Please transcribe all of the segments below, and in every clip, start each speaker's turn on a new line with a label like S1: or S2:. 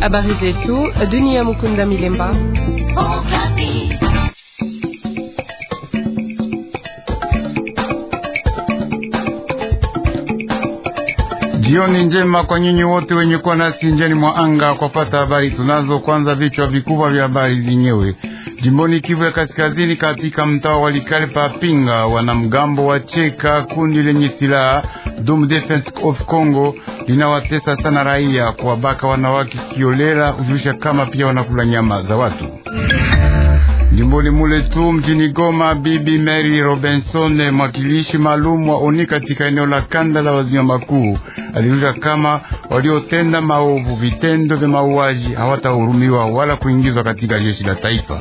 S1: Habari zetu dunia. Mukunda Milemba.
S2: Jioni njema kwa nyinyi wote wenye kuwa nasi njeni mwa anga kwa pata habari. Tunazo kwanza vichwa vikubwa vya habari zenyewe. Jimboni Kivu ya Kaskazini, katika mtaa wa Likale pa Pinga, wanamgambo wa Cheka, kundi lenye silaha Dom Defense of Congo linawatesa sana raia, kuwabaka wanawake kiolela, hujulisha kama pia wanakula nyama za watu. Jimboni mule tu mjini Goma, Bibi Mary Robinson, mwakilishi maalum wa oni katika eneo la kanda la wazima makuu, alirusha kama waliotenda maovu, vitendo vya mauaji hawatahurumiwa wala kuingizwa katika jeshi la taifa.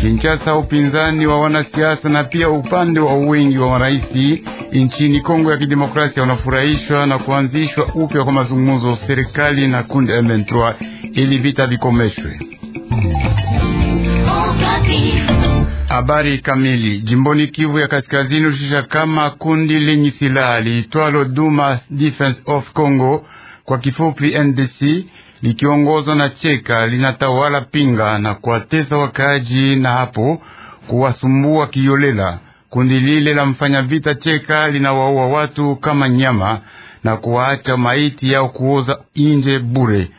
S2: Kinshasa, upinzani wa wanasiasa na pia upande wa uwingi wa maraisi nchini Kongo ya Kidemokrasia wanafurahishwa na kuanzishwa upya kwa mazungumzo serikali na kundi M23 ili vita vikomeshwe. Habari kamili jimboni Kivu ya Kaskazini ushisha kama kundi lenye silaha liitwalo Duma Defense of Congo kwa kifupi NDC likiongozwa na Cheka linatawala Pinga na kuwatesa wakaaji na hapo kuwasumbua kiolela. Kundi lile la mfanya vita Cheka linawaua watu kama nyama na kuwaacha maiti yao kuoza inje bure.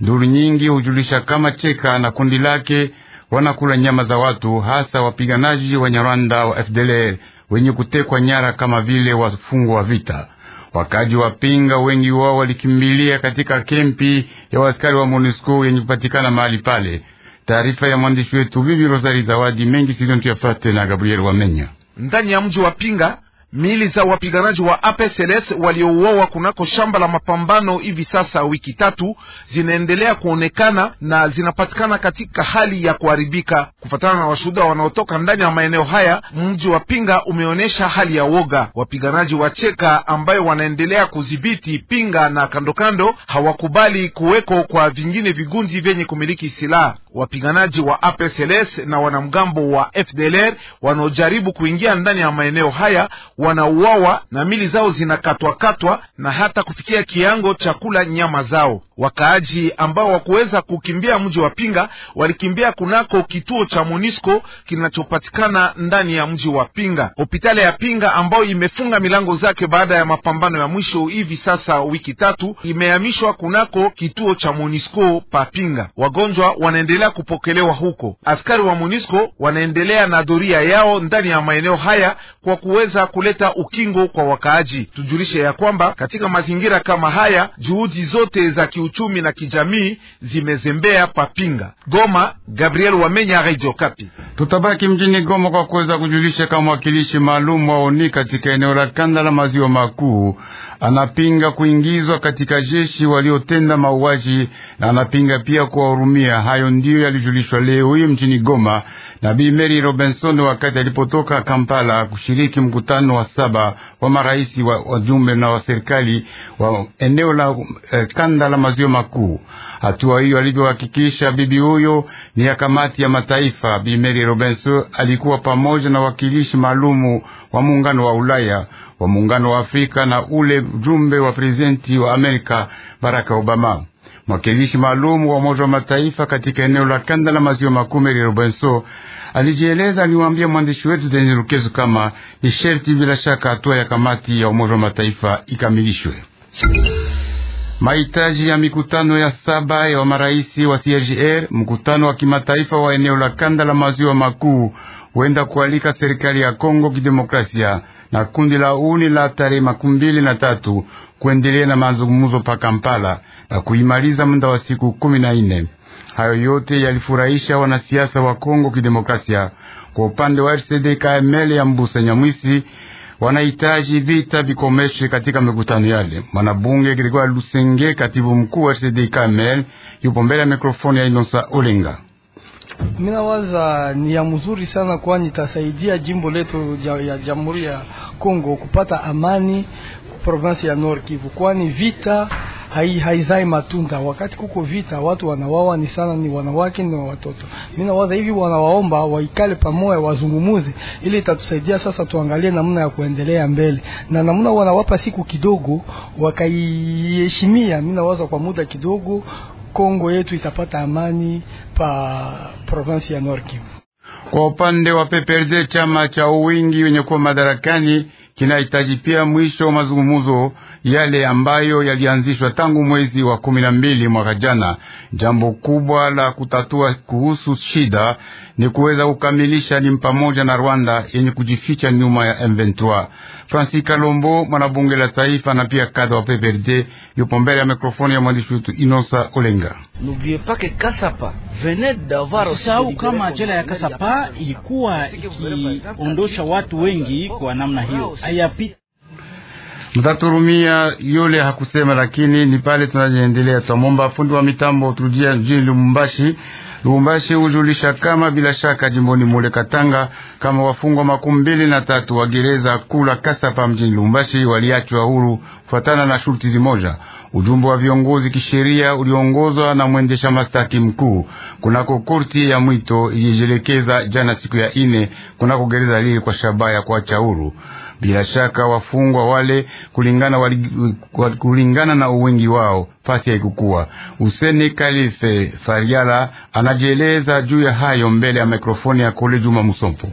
S2: Nduru nyingi hujulisha kama Cheka na kundi lake wanakula nyama za watu, hasa wapiganaji wa Nyarwanda wa FDLR wenye kutekwa nyara kama vile wafungwa wa vita. Wakaji wapinga wengi wao walikimbilia katika kempi ya waskari wa MONUSCO yenye kupatikana mahali pale. Taarifa ya mwandishi wetu Bibi Rosari Zawadi mengi sizontu yafate na Gabriel Wamenya
S3: ndani ya mji wa Pinga. Miili za wapiganaji wa APCLS waliouawa kunako shamba la mapambano hivi sasa wiki tatu zinaendelea kuonekana na zinapatikana katika hali ya kuharibika. Kufuatana na washuhuda wanaotoka ndani ya maeneo haya, mji wa Pinga umeonyesha hali ya woga. Wapiganaji wa Cheka ambayo wanaendelea kudhibiti Pinga na kandokando hawakubali kuweko kwa vingine vigunzi vyenye kumiliki silaha wapiganaji wa APCLS na wanamgambo wa FDLR wanaojaribu kuingia ndani ya maeneo haya wanauawa na mili zao zinakatwakatwa na hata kufikia kiango cha kula nyama zao. Wakaaji ambao wakuweza kukimbia mji wa Pinga walikimbia kunako kituo cha MONUSCO kinachopatikana ndani ya mji wa Pinga. hopitali ya Pinga ambayo imefunga milango zake baada ya mapambano ya mwisho hivi sasa wiki tatu, imehamishwa kunako kituo cha monisco pa Pinga. Wagonjwa wanaendelea wanaendelea kupokelewa huko. Askari wa MONUSCO wanaendelea na doria yao ndani ya maeneo haya kwa kuweza kuleta ukingo kwa wakaaji. Tujulishe ya kwamba katika mazingira kama haya juhudi zote za kiuchumi na kijamii zimezembea papinga. Goma, Gabriel Wamenya, Radio Kapi.
S2: Tutabaki mjini Goma kwa kuweza kujulisha kama wakilishi maalum wa ONI katika eneo la kanda la maziwa makuu anapinga kuingizwa katika jeshi waliotenda mauaji na anapinga pia kuwahurumia. Hayo ndiyo yalijulishwa leo hiyo mjini Goma na Bi Mary Robinson wakati alipotoka Kampala kushiriki mkutano wa saba wa marais wa wajumbe na wa serikali wa eneo la eh, kanda la maziwa makuu. Hatua hiyo alivyohakikisha bibi huyo ni ya kamati ya mataifa. Bi Mary Robinson alikuwa pamoja na wakilishi maalumu wa muungano wa Ulaya, wa muungano wa Afrika na ule mjumbe wa prezidenti wa Amerika Barack Obama. Mwakilishi maalumu wa Umoja wa Mataifa katika eneo la kanda la maziwa makuu Mary Robinson alijieleza, aliwaambia mwandishi wetu Denis Lukezo kama ni sherti bila shaka hatua ya kamati ya Umoja wa Mataifa ikamilishwe. Mahitaji ya mikutano ya saba ya maraisi wa CGR, mkutano wa kimataifa wa eneo la kanda la maziwa makuu huenda kualika serikali ya Kongo Kidemokrasia na kundi la uni la tarehe makumi mbili na tatu kuendelea na mazungumzo pa Kampala na kuimaliza muda wa siku kumi na nne. Hayo yote yalifurahisha wanasiasa wa Kongo Kidemokrasia. Kwa upande wa RCD KML ya Mbusa Nyamwisi wanahitaji vita vikomeshe katika mikutano yale. Mwanabunge Gregoire Lusenge, katibu mkuu wa RCD KML, yupo mbele ya mikrofoni ya Inosa Olenga.
S1: Minawaza ni ya mzuri sana, kwani itasaidia jimbo letu ya Jamhuri ya Kongo kupata amani province ya Nord Kivu, kwani vita hai haizai matunda. Wakati kuko vita, watu wanawawa ni sana, ni wanawake ni watoto. Mimi nawaza hivi, wanawaomba waikale pamoja, wazungumuze, ili itatusaidia sasa. Tuangalie namna ya kuendelea mbele na namna wanawapa siku kidogo,
S2: wakaiheshimia.
S1: Mimi nawaza kwa muda kidogo Kongo yetu itapata amani pa provinsi ya Nord Kivu.
S2: Kwa upande wa PPRD, chama cha uwingi wenye kuwa madarakani kinahitaji pia mwisho wa mazungumzo yale ambayo yalianzishwa tangu mwezi wa kumi na mbili mwaka jana. Jambo kubwa la kutatua kuhusu shida ni kuweza kukamilisha ni pamoja na Rwanda yenye kujificha nyuma ya M23. Francis Kalombo, mwanabunge la taifa na pia kadha wa PPRD, yupo mbele ya mikrofoni ya mwandishi wetu Inosa Olenga.
S1: Sau kama jela ya Kasapa ilikuwa ikiondosha watu wengi kwa namna hiyo, hayapiti
S2: mtaturumia yule hakusema, lakini ni pale tunajiendelea Twamomba fundi wa mitambo turudia mjini Lumumbashi. Lumumbashi hujulisha kama bila shaka jimboni mule Katanga, kama wafungwa makumi mbili na tatu wa gereza kula Kasapa mjini Lumumbashi waliachwa huru kufuatana na shurti zimoja. Ujumbe wa viongozi kisheria uliongozwa na mwendesha mastaki mkuu kunako korti ya mwito ijelekeza jana siku ya ine kunako gereza lili kwa shabaha ya kuacha huru bila shaka wafungwa wale kulingana, wali, kulingana na uwingi wao fasi haikukuwa. Useni Kalife Fariala anajieleza juu ya hayo mbele ya mikrofoni ya kule Juma Musompo.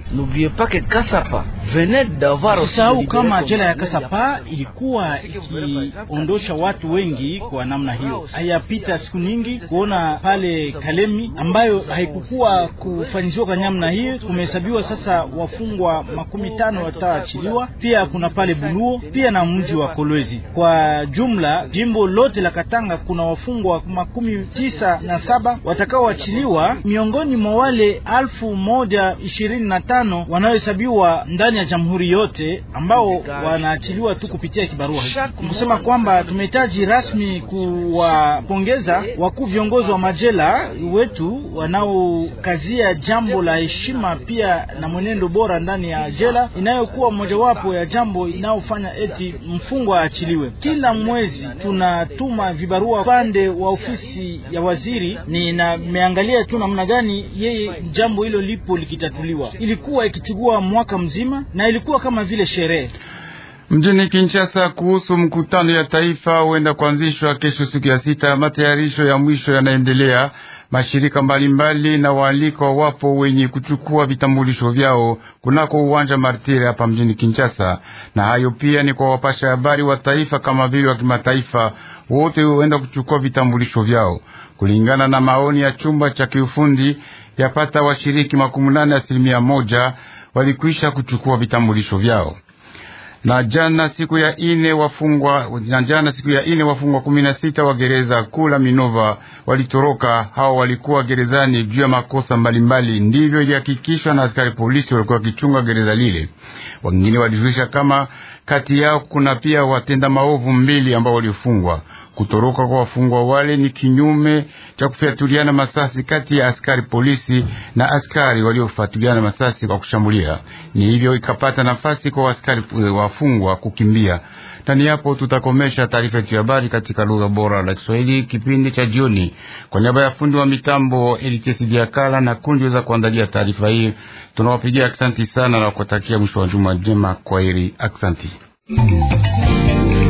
S1: Sau kama jela ya Kasapa ilikuwa ikiondosha watu wengi kwa namna hiyo. Hayapita siku nyingi kuona pale Kalemi ambayo haikukuwa kufanyiziwa kwa namna hiyo, kumehesabiwa sasa wafungwa makumi tano wataachiliwa pia kuna pale Buluo pia na mji wa Kolwezi. Kwa jumla jimbo lote la Katanga kuna wafungwa makumi tisa na saba watakaoachiliwa miongoni mwa wale alfu moja ishirini na tano wanaohesabiwa ndani ya jamhuri yote, ambao wanaachiliwa tu kupitia kibarua. Kusema kwamba tumehitaji rasmi kuwapongeza wakuu viongozi wa majela wetu wanaokazia jambo la heshima pia na mwenendo bora ndani ya jela inayokuwa mojawapo mojawapo ya jambo inayofanya eti mfungwa aachiliwe. Kila mwezi tunatuma vibarua upande wa ofisi ya waziri, ninameangalia tu namna gani yeye jambo hilo lipo likitatuliwa. Ilikuwa ikichukua mwaka mzima na ilikuwa kama vile sherehe
S2: mjini Kinshasa kuhusu mkutano ya taifa huenda kuanzishwa kesho siku ya sita. Matayarisho ya mwisho yanaendelea. Mashirika mbalimbali mbali na waalikwa wapo wenye kuchukua vitambulisho vyao kunako uwanja Martiri hapa mjini Kinshasa, na hayo pia ni kwa wapasha habari wa taifa kama vile wa kimataifa, wote huenda kuchukua vitambulisho vyao kulingana na maoni ya chumba cha kiufundi. Yapata washiriki makumi nane asilimia moja walikwisha kuchukua vitambulisho vyao na jana siku ya ine wafungwa na jana siku ya ine wafungwa kumi na sita wa gereza la Minova walitoroka. Hao walikuwa gerezani juu ya makosa mbalimbali, ndivyo ilihakikishwa na askari polisi walikuwa wakichunga gereza lile. Wengine walijulisha kama kati yao kuna pia watenda maovu mbili ambao walifungwa Kutoroka kwa wafungwa wale ni kinyume cha kufyatuliana masasi kati ya askari polisi na askari waliofyatuliana masasi kwa kushambulia, ni hivyo ikapata nafasi kwa askari eh, wafungwa kukimbia. ni hapo tutakomesha taarifa yetu ya habari katika lugha bora la Kiswahili kipindi cha jioni. Kwa niaba ya fundi wa mitambo Elikesidiakala na kundi za kuandalia taarifa hii, tunawapigia aksanti sana na kuwatakia mwisho wa juma jema. Kwaheri, aksanti.